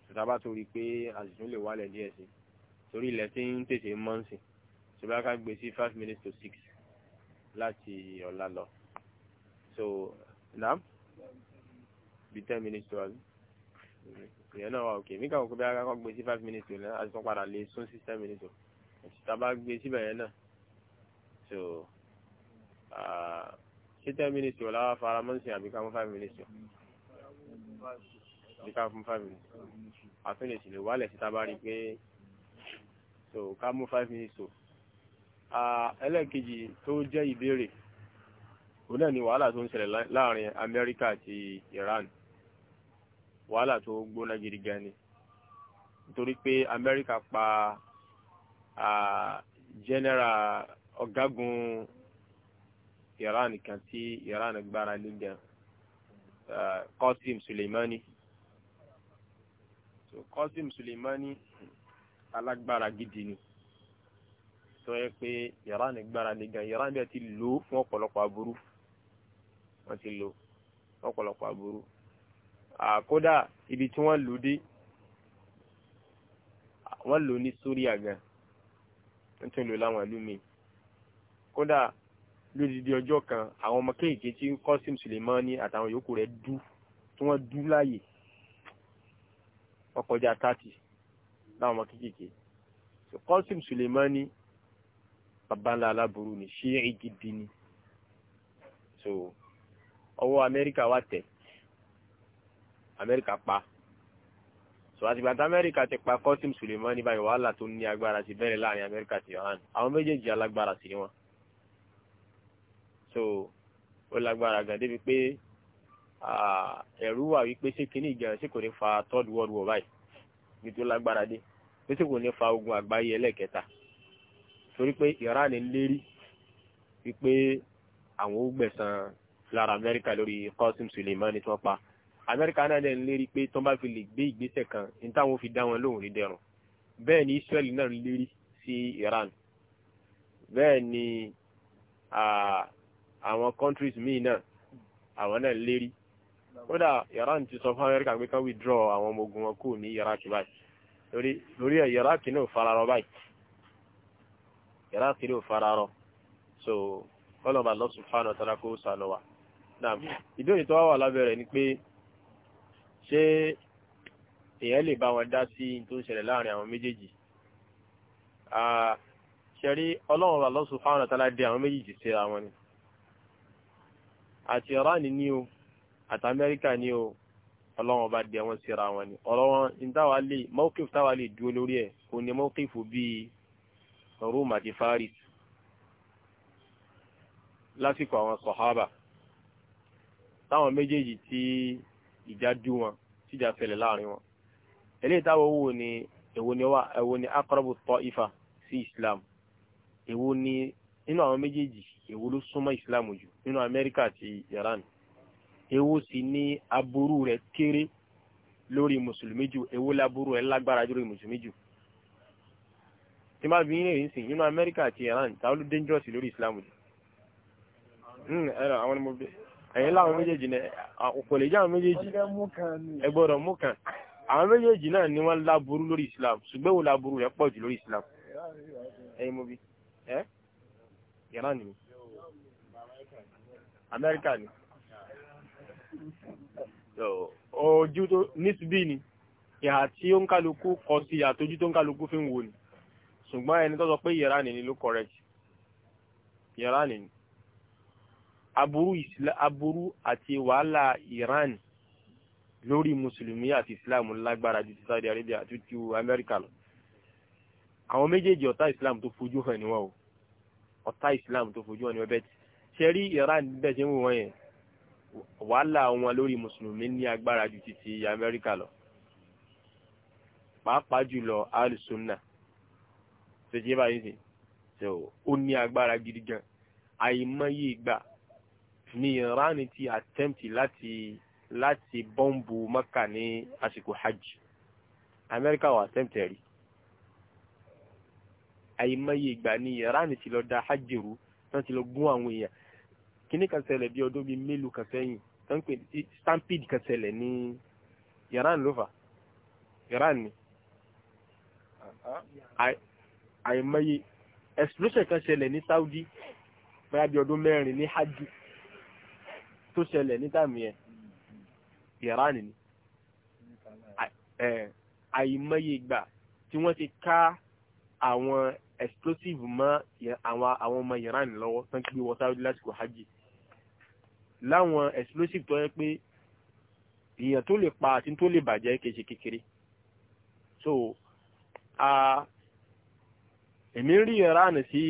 S1: ìtàbá torí pé àsìkò lè wálẹ̀ díẹ̀ sí torí ilẹ̀ tí ń tètè mọ́ ń sìn ṣùgbọ́n ká gbé sí five minutes to six láti ọ̀la lọ so Nam, bí ten minutes to àbí ìyẹn náà wà òkè mí kàwọn kó bí ara gbé sí five minutes to náà àti kan padà lè sún sí ten minutes to àti tá a bá gbé síbẹ̀ yẹn náà so ṣé ten minutes to láwa fara mọ́ sí àbí mú five minutes to àbí mú five minutes to àtúnyẹ̀sì lè wálẹ̀ sí tá a bá rí pé so ká mú five minutes to ẹlẹ́ẹ̀kejì tó jẹ́ ìbéèrè òun náà ni wàhálà tó ń ṣẹlẹ̀ láàrin Amẹ́ríkà àti Iran wàhálà tó gbóná gidi gan ni nítorí pé Amẹ́ríkà pa general ọ̀gágun Iran kan tí Iran gbára lé gan Qasim Suleimani so Qasim Suleimani alágbára gidi ni tó yẹ pé Iran gbára lé gan Iran bẹ́ẹ̀ ti lò fún ọ̀pọ̀lọpọ̀ aburú wọ́n ti lò ọ̀pọ̀lọpọ̀ aburú àkódà ibi tí wọ́n lò dé wọ́n lò ní Syria gan wọ́n tún lò láwọn ìlú mi kódà lódìdí ọjọ́ kan àwọn ọmọ kéèké tí Qasim Suleimani àtàwọn yòókù rẹ̀ dú tí wọ́n dú láàyè ọkọjá tààtì láwọn ọmọ kéèké Qasim Suleimani bàbá ńlá aláburú ni ṣíì gidi ni so ọwọ́ amẹ́ríkà wà tẹ̀ amẹ́ríkà pa so àtìgbà tí amẹ́ríkà ti pa Qasim Soleimani báyìí wàhálà tó ní agbára ti bẹ̀rẹ̀ láàrin amẹ́ríkà àti Iran àwọn méjèèjì alágbára sí wọn so ó lágbára gan débi pé ẹ̀rú wà wípé ṣé kíní ìgbẹ̀rẹ̀ sí kò ní fa third world war báyìí nítorí lágbára dé pé ṣé kò ní fa ogun àgbáyé ẹlẹ́ẹ̀kẹta torí pé Iran ń lérí wípé àwọn ó gbẹ̀san lára Amẹ́ríkà lórí Qasim Soleimani tí wọ́n pa Amẹ́ríkà náà dẹ̀ ń lérí pé tó bá fi lè gbé ìgbésẹ̀ kan ní táwọn fi dá wọn lóhùn rí dẹrùn bẹ́ẹ̀ ni Israel náà ń lérí sí Iran bẹ́ẹ̀ ni àwọn countries míì náà àwọn náà lérí kódà Iran ti sọ fún Amẹ́ríkà pé ká withdraw àwọn ọmọ ogun wọn kù ní Iraq báyìí lórí ẹ̀ Iraq náà fararọ báyìí yàrá kiri ò fara rọ so ọlọ́ba Allah subhanahu wa ta'ala kó sànù wa náà ìbéèrè tó wà lábẹ́rẹ̀ ni pé ṣé èèyàn lè bá wọn dá sí tó ń ṣẹlẹ̀ láàrin àwọn méjèèjì ṣẹ̀rí ọlọ́run Allah subhanahu wa ta'ala dé àwọn méjèèjì síra wọn ni àti Iran ni o àti Amẹ́ríkà ni o ọlọ́run bá dé wọn síra wọn ni ọ̀rọ̀ wọn ní táwa lè mọ́kìf táwa lè dúró lórí ẹ̀ kò ní mọ́kìf bíi Rome àti Faris lásìkò àwọn sọ̀hábà táwọn méjèèjì tí ìjà dú wọn tíjà ṣẹlẹ̀ láàrin wọn eléyìí táwọn wò ní èwo ni wá èwo ni aqrabu ta'ifa sí Islam èwo ni nínú àwọn méjèèjì èwo ló súnmọ́ Islam jù nínú Amẹ́ríkà àti Iran èwo sì ni aburú rẹ̀ kéré lórí mùsùlùmí jù èwo laburú rẹ̀ lágbára lórí mùsùlùmí jù tí máa bí yín lè sìn nínú amẹ́ríkà àti iran ta ló dangerous lórí islam jù hmm, àwọn ọmọ ẹ̀yìn láwọn méjèèjì ọ̀pọ̀lẹ̀ jẹ́ àwọn méjèèjì ẹ gbọ́dọ̀ mú kan àwọn méjèèjì náà ni wọ́n láburú lórí islam ṣùgbọ́n wo láburú rẹ̀ pọ̀ jù lórí islam ẹ̀yìn mọ́bí ẹ́ iran ni amẹ́ríkà ni ojú tó nísbí ni ìhà tí ó ń kálukú kọ sí àtójú tó ń kálukú fi ń wo ni ṣùgbọ́n ẹni tó sọ pé yẹra nìní ló correct yẹra nìní aburú isla aburú àti wàhálà Iran lórí mùsùlùmí àti Islam lágbára ju ti Saudi Arabia àti ju Amẹ́ríkà lọ àwọn méjèèjì ọ̀tá Islam tó fojú hàn níwọ̀n o ọ̀tá Islam tó fojú hàn níwọ̀n bẹ́ẹ̀ ṣe rí Iran bẹ́ẹ̀ ṣe ń wò yẹn wàhálà wọn lórí mùsùlùmí ní agbára ju ti ti Amẹ́ríkà lọ pàápàá jùlọ al ṣe ti yé báyìí so ó ní agbára gidi gan àìmọye ìgbà ní ìránì ti attempt láti láti bọ́ǹbù mọ́kà ní àsìkò hajj amẹ́ríkà wà attempt rí àìmọye ìgbà ní ìránì ti lọ da hajj rú tán ti lọ gún àwọn èèyàn kíní kan ṣẹlẹ̀ bí ọdún bíi mélòó kan sẹ́yìn tán pè stampede kan ṣẹlẹ̀ ní ìránì ló fà ìránì àìmọye explosion kan ṣẹlẹ̀ ní Saudi bóyá bí ọdún mẹ́rin ní hajj tó ṣẹlẹ̀ ní tàmí ẹ̀ Iran ni eh, àìmọye ìgbà tí wọ́n ti ká àwọn explosive mọ́ àwọn ọmọ Iran lọ́wọ́ tán kí wọ́n Saudi lásìkò hajj láwọn explosive tó yẹ pé èèyàn tó lè pa àti tó lè bàjẹ́ kéṣe kékeré so a. Uh, èmi rí ìran sí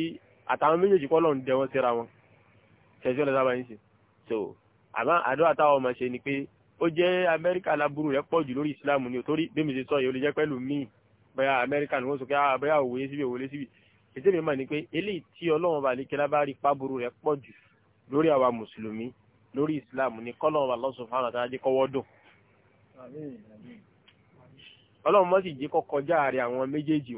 S1: àtàwọn méjèèjì kọ́ lọ́n dẹ wọ́n síra wọn ṣẹ̀ṣọ́ lọ́sà ń ṣe so àmọ́ àdúrà táwọn ọmọ ṣe ni pé ó jẹ́ amẹ́ríkà láburú rẹ̀ pọ̀ jù lórí ìsìláàmù ni ò torí bẹ́mi ṣe sọ yìí ó lè jẹ́ pẹ̀lú míì bẹ́ẹ̀ amẹ́ríkà ni wọ́n sọ pé àbẹ́yà ah, òwòye síbi òwòye síbi ètò ìmọ̀ ni pé eléyìí tí ọlọ́run bá lè lábá rí pàbùrù rẹ̀ pọ̀ jù lórí àwa mùsùlùmí lórí islam ní kọ́lọ́run Allah subhanahu wa ta'ala jẹ́ kọ́wọ́ dùn. ọlọ́run mọ́ sì jẹ́ kọ́ kọjá àwọn méjèèjì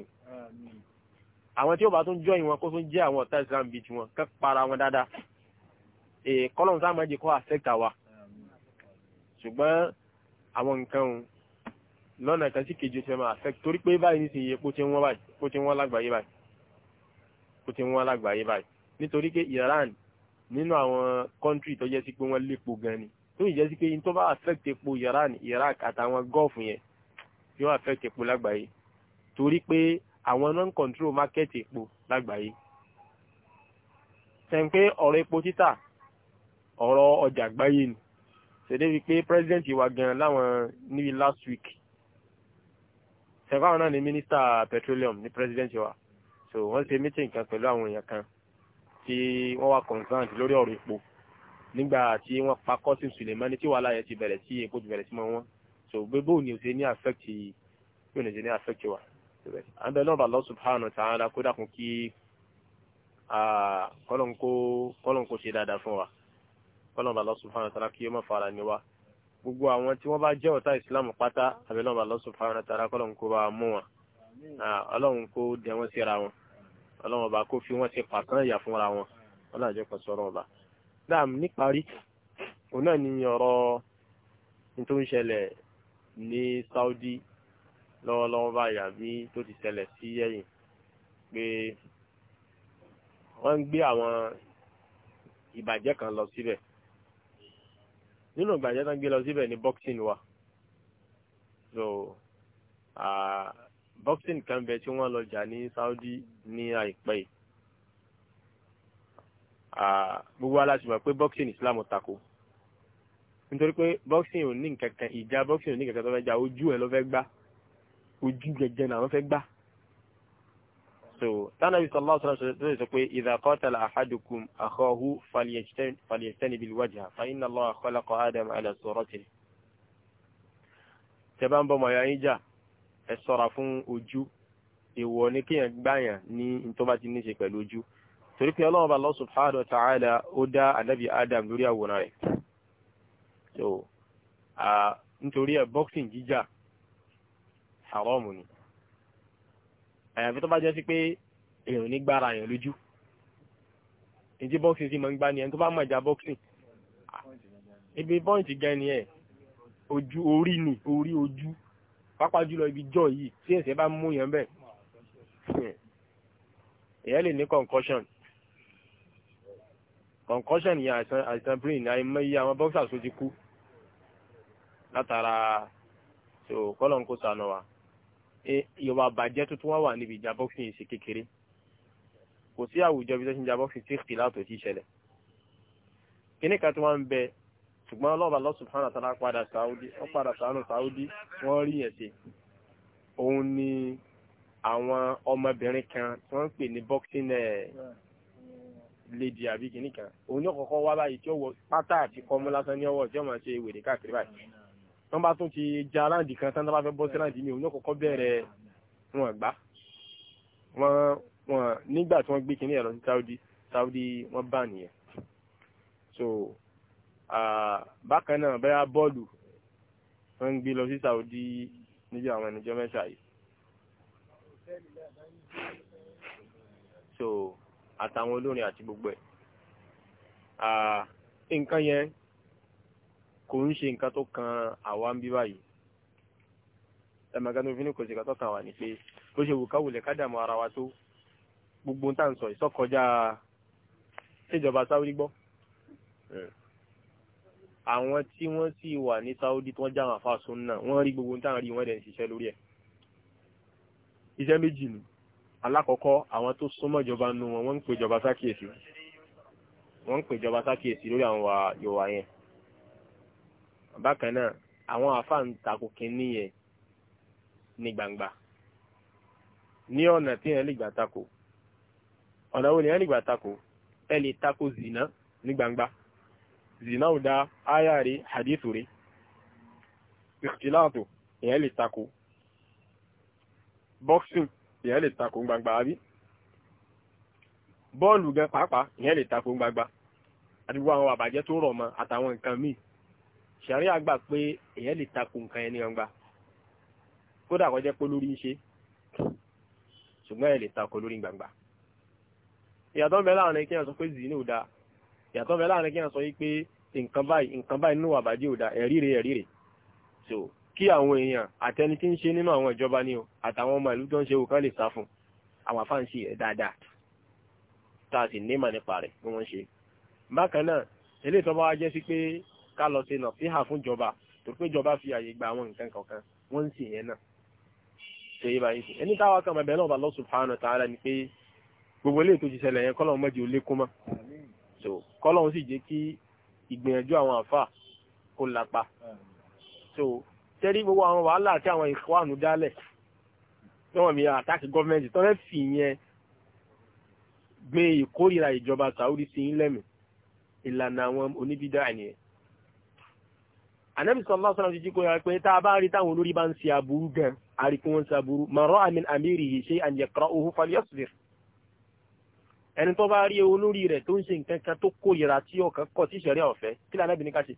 S1: àwọn tí ó bá tún jọ ìwọn kó tún jẹ́ àwọn ọ̀tá islam bíi tiwọn kẹ́ para wọn dáadáa èè kọ́lọ́n sáà máa jẹ́ kọ́ àfẹ́kà wa ṣùgbọ́n àwọn nǹkan òun lọ́nà kan sí kejì ṣe máa àfẹ́kà torí pé báyìí nísìnyí iye kó ti wọ́n lágbàáyé báyìí kó ti wọ́n lágbàáyé báyìí nítorí pé Iran nínú àwọn kọ́ńtírì tó jẹ́ sí pé wọ́n lépo gan ni tó ìjẹ́ sí pé in tó bá àfẹ́kà epo Iran Iraq àtàwọn gọ́ọ̀fù yẹn yóò àfẹ́kà epo lágbàáyé torí pé àwọn non control market epo lágbàáyé sẹ́n pé ọ̀rọ̀ epo títà ọ̀rọ̀ ọjà àgbáyé ni ṣèdébi pé president wa gan láwọn níbi last week sẹ́fáwọn náà ni minister petroleum ni president wa so wọ́n ṣe meeting kan pẹ̀lú àwọn èèyàn kan tí wọ́n wà concerned lórí ọ̀rọ̀ epo nígbà tí wọ́n pa Qasim Suleiman tí wàhálà yẹn ti bẹ̀rẹ̀ sí epo ti bẹ̀rẹ̀ sí mọ́ wọn so gbogbo òní ò ṣe ní affect yìí yóò ní ṣe ní affect wa. síbẹ̀ àbẹ̀ lọ́ba Allah subhanahu wa ta'ala kó dàkún kí kọ́lọ̀n ṣe dáadáa fún wa kí fara ní wa gbogbo àwọn tí wọ́n bá jẹ́ ọ̀tá islam pátá àbẹ̀ lọ́ba Allah subhanahu wa ta'ala kọ́lọ̀n kó bá mú wọn ọlọ́run kó dẹ fi Saudi lọ́wọ́lọ́wọ́ báyìí àbí tó ti ṣẹlẹ̀ sí ẹ̀yìn pé wọ́n ń gbé àwọn ìbàjẹ́ kan lọ síbẹ̀ nínú ìbàjẹ́ tó ń gbé lọ síbẹ̀ ni boxing wà so uh, boxing kan bẹ tí wọ́n lọ jà ní Saudi ní àìpẹ́ yìí gbogbo aláṣùmọ̀ pé boxing Islam tako nítorí pé boxing ò ní nǹkankan ìjà boxing ò ní nǹkankan tó fẹ́ jà ojú ẹ̀ ló fẹ́ gbá ojú gẹ́gẹ́ náà wọ́n fẹ́ gbà so tánàbí sallallahu alaihi wasallam sọ pé idha qatala ahadukum akhahu falyajtanibil wajha fa inna Allaha khalaqa Adama ala suratihi tẹ́bá ń bọ́ mọ̀ ya yín jà ẹ sọ́ra fún ojú ìwọ ní kíyàn gbáyàn ní tó bá ti ní torí pé ọlọ́run Allah subhanahu wa ta'ala ó dá ànábì adam lórí àwòrán rẹ̀ so nítorí ẹ̀ boxing jíjà haramu ni àyàfi tó bá jẹ́ sí pé èèyàn ní gbára èèyàn lójú ìdí boxing sí máa ń gbá ni ẹni tó bá mọ̀ ìjà boxing ibi pọ́ǹtì gan ni ẹ̀ ojú orí ni orí ojú pápá jùlọ ibi jọ yìí tí ẹ̀sẹ̀ bá mú yẹn bẹ́ẹ̀ èèyàn lè ní concussion concussion yẹn àìsàn àìsàn brain àìmọye àwọn boxers tó ti kú látara so kọ́lọ̀ ń kó sànù wa ìwà àbàjẹ́ tuntun wá wà níbi ìjà boxing ṣe kékeré kò sí àwùjọ bí sẹ́sìn ìjà boxing tí ìpìlá tó ti ṣẹlẹ̀ kíní kan tí wọ́n ń bẹ ṣùgbọ́n ọlọ́ọ̀bà Allah subhanahu padà Saudi ó padà sàánù Saudi wọ́n rí yẹn ṣe òun ni àwọn ọmọbìnrin kan tí wọ́n ń pè ní boxing eh, lady àbí kíní kan òun ní ọ̀kọ̀ọ̀kọ̀ wá báyìí tí ó wọ pátá àti kọ́mú lásán ní ọwọ́ tí wọ́n bá tún ti ja ráǹdì kan tán tó bá fẹ́ bọ́ sí ráǹdì mi òun yóò kọ́kọ́ bẹ̀rẹ̀ wọn gbá wọn wọn nígbà tí wọ́n gbé kinní ẹ̀rọ sí Saudi Saudi wọ́n bá nìyẹn so bákan náà bẹ́ẹ̀ bọ́ọ̀lù wọ́n ń gbé lọ sí Saudi níbi àwọn ẹnìjọ́ mẹ́ta yìí so àtàwọn olórin àti gbogbo ẹ̀ nǹkan yẹn kò ń ṣe nǹkan tó kan àwa ń bí báyìí ẹ̀mọ̀gá tó fi ní kò sí nǹkan tó kan wà ní pé bó ṣe wù ká wulẹ̀ ká dààmú ara wa tó gbogbo ń tà ń sọ ìsọkọjá ṣèjọba Saudi gbọ́ àwọn tí wọ́n sì wà ní Saudi tó jáwọn àfáàsùn náà wọ́n rí gbogbo ń tà rí wọ́n dẹ̀ ń ṣiṣẹ́ lórí ẹ̀ iṣẹ́ méjì ni alákọ̀ọ́kọ́ àwọn tó súnmọ́ ìjọba nu wọn wọ́n ń pè ìjọba sákìyèsí lórí àwọn ìwà yẹn bákan náà àwọn àfáà ń takò kínní yẹn ní gbangba ní ọ̀nà tí yẹn lè gbà takò ọ̀nà wo ni yẹn lè gbà takò ẹ lè takò zina ní gbangba zina ò da áyà rí hadith rí ìkìláàtò yẹn lè takò boxing yẹn lè takò gbangba àbí bọ́ọ̀lù gan pàápàá yẹn lè takò gbangba àdúgbò àwọn àbàjẹ́ tó rọ̀ mọ́ àtàwọn nǹkan míì ṣàrí àgbà pé èyàn lè takò nǹkan ẹni ọgbà kódà kó jẹ́ pé lórí ń ṣe ṣùgbọ́n ẹ̀ lè takò lórí gbangba ìyàtọ̀ ń bẹ láàrin kí n sọ pé zìí ní ò dáa ìyàtọ̀ ń bẹ láàrin kí n sọ pé nǹkan báyìí nǹkan báyìí nínú àbájẹ́ ò dáa ẹ̀ríre ẹ̀ríre so kí àwọn èèyàn àtẹni tí ń ṣe nínú àwọn ìjọba ní o àtàwọn ọmọ ìlú tó ń ṣe o kán lè sá fún àwọn afáàn ṣe ẹ̀ dáadáa tá a sì ní mà nípa rẹ̀ bí wọ́n ṣe bákan náà eléyìí tó bá wá jẹ́ sí pé ká lọ ṣe nasiha fún ìjọba tó pé ìjọba fi àyè gba àwọn nǹkan kọ̀ọ̀kan wọ́n ń ṣe yẹn náà ṣe yé báyìí sí ẹni táwa kan bẹ̀rẹ̀ náà bá Allah subhanahu wa ta'ala ni pé gbogbo ilé ètò ìṣẹ̀lẹ̀ yẹn kọ́lọ̀ mọ́jì ó lékún mọ́ so kọ́lọ̀ sì jẹ́ kí ìgbìyànjú àwọn àfà kó lápá so tẹ́rí gbogbo àwọn wàhálà àti àwọn ìfọ́ànù dálẹ̀ lọ́wọ́ mi àtàkì gọ́ọ̀mẹ́ntì tó fẹ́ fi yẹn gbé ìkórìíra ìjọba Saudi sí ń lẹ́mìí ìlànà àwọn oníbídà nìyẹn anabi sallallahu alaihi wasallam kò yà pé tá a bá rí táwọn olórí bá ń ṣe aburú gan àríkún wọn ṣe aburú man ra'a min amirihi shay'an yakra'uhu falyasbir ẹni tó bá rí olórí rẹ̀ tó ń ṣe nǹkan kan tó kórìíra tí ọkàn kọ̀ tí ìṣẹ̀rí ọ̀fẹ́ kí lànà bí ní ká ṣe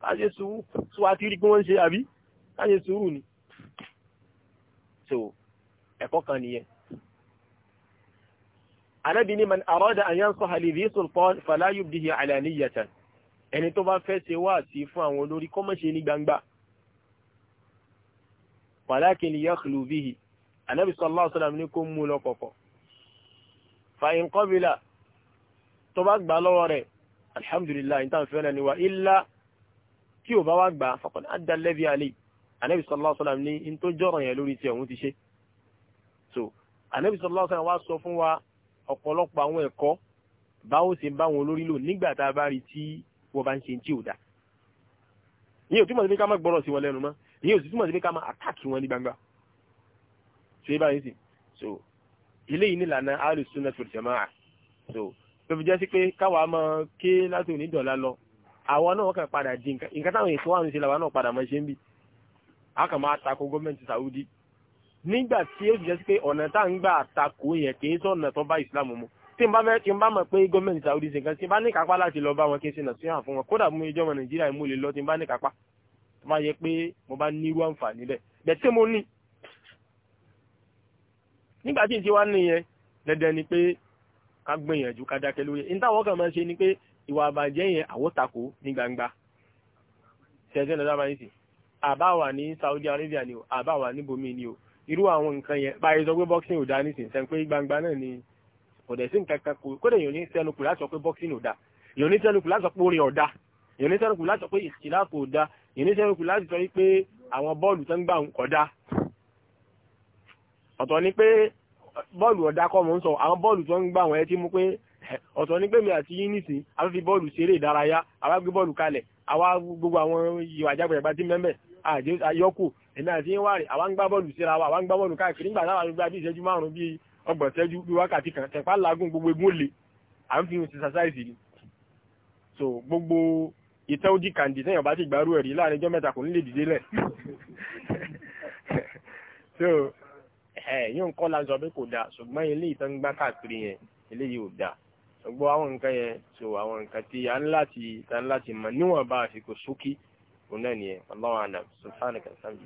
S1: ká ṣe sùúrù àti rí pé wọ́n ṣe àbí ká sùúrù ni so ẹ̀kọ́ kan nìyẹn anabi man arada an yansaha li dhi sultan fala ẹni tó bá fẹ́ ṣe wáàsí fún àwọn olórí kó má ṣe ní gbangba walakin yakhlu bihi anábì sallallahu alaihi wasallam ní kó mú lọ kọ̀kọ̀ fa in qabila tó bá gbà lọ́wọ́ rẹ̀ alhamdulillah ìtàn fẹ́rẹ̀ ni wa illa tí ò bá wá gbà faqad adda alladhi alayhi anábì sallallahu alaihi wasallam ní in tó jọ́rọ̀ yẹn lórí tí òun ti ṣe so anábì sallallahu alaihi báwo ṣe báwọn olórí lò nígbà bá rí tí wọ́n bá ń ṣe tí ò dá ìyẹn ò túmọ̀ sí pé ká má gbọ́rọ̀ sí wọn lẹ́nu mọ́ ìyẹn ò sì sí pé ká má àtàkì wọn ní gbangba ṣe báyìí sì so ilé yìí nílànà alùsùnà tó jẹ máa so tó fi jẹ́ sí pé káwa mọ ké láti òní dọ̀la lọ àwọn náà wọ́n kàn padà di nǹkan táwọn èso àwọn ìṣẹ̀lẹ̀ àwọn náà padà mọ́ ṣe ń bì á kàn máa tako gọ́ọ̀mẹ̀ntì Saudi nígbà tí ó fi jẹ́ sí pé ọ̀nà tá ń gbà àtakò yẹn kì í sọ̀nà tó bá ìsìlámù mu tí n bá fẹ́ tí n bá mọ̀ pé gọ́ọ̀mẹ̀ntì Saudi ṣe nǹkan tí n bá ní kápá láti lọ bá wọn kí n ṣe nà sí hàn fún wọn kódà mú ìjọba Nàìjíríà mú lè lọ tí n bá ní kápá tó máa yẹ pé mo bá nírú àǹfààní bẹ́ẹ̀ bẹ́ẹ̀ tí mo ní nígbà tí n ti wá nìyẹn dandan ni pé ká gbìyànjú ká dákẹ́ lórí ẹ̀ nítawọn kan máa ṣe ni pé ìwà àbàjẹ́ yẹn àwòtakò ní gbangba ṣẹ̀ṣẹ̀ ní Saudi Arabia ni o àbáwà níbòmí ni o irú àwọn nǹkan yẹn báyìí sọ pé boxing ò dá ni kò dẹ̀ sí nǹkan kan kò dẹ̀ yóò ní sẹ́nukù láti sọ pé boxing ò da yóò ní sẹ́nukù láti sọ pé orin ò da yóò ní sẹ́nukù láti sọ pé ìsìláàpù ò da yóò ní sẹ́nukù láti sọ pé àwọn bọ́ọ̀lù tó ń gbà kò da ọ̀tọ̀ ni pé bọ́ọ̀lù ọ̀dà kọ́ mọ̀ ń sọ àwọn bọ́ọ̀lù tó ń gbà wọ́n ẹ ti mú pé ọ̀tọ̀ ni pé mi àti yín nìsí a fi bọ́ọ̀lù ṣeré ìdárayá àwa gbé bọ́ọ̀lù kalẹ̀ àwa gbogbo àwọn ìwà àjàgbẹ̀rẹ̀gbà tí mẹ́mẹ́ àyọkù èmi àti yín wà rè àwa ń gbá bọ́ọ̀lù síra wa àwa ń gbá bọ́ọ̀lù káàkiri nígbà táwa gbá bí ìṣẹ́jú márùn-ún bíi ọgbọ̀n tẹ́jú bí wákàtí kan tẹ̀pá làágùn gbogbo egun le à ń fi hun exercise ni so gbogbo ìtẹ́ ojì kàǹdì tẹ́yàn bá ti gbárù ẹ̀rí láàrin ọjọ́ mẹ́ta kò ní lè dìde lẹ̀ [LAUGHS] so ẹ̀ yóò ń kọ́ la sọ pé kò dáa ṣùgbọ́n ilé ìtàn gbá káàkiri yẹn eléyìí ò dáa ṣùgbọ́n àwọn nǹkan yẹn so àwọn nǹkan tí a ń láti ta ń láti mọ níwọ̀n bá àsìkò sókí òun náà nìyẹn Allahu a'lam subhanaka sáàmì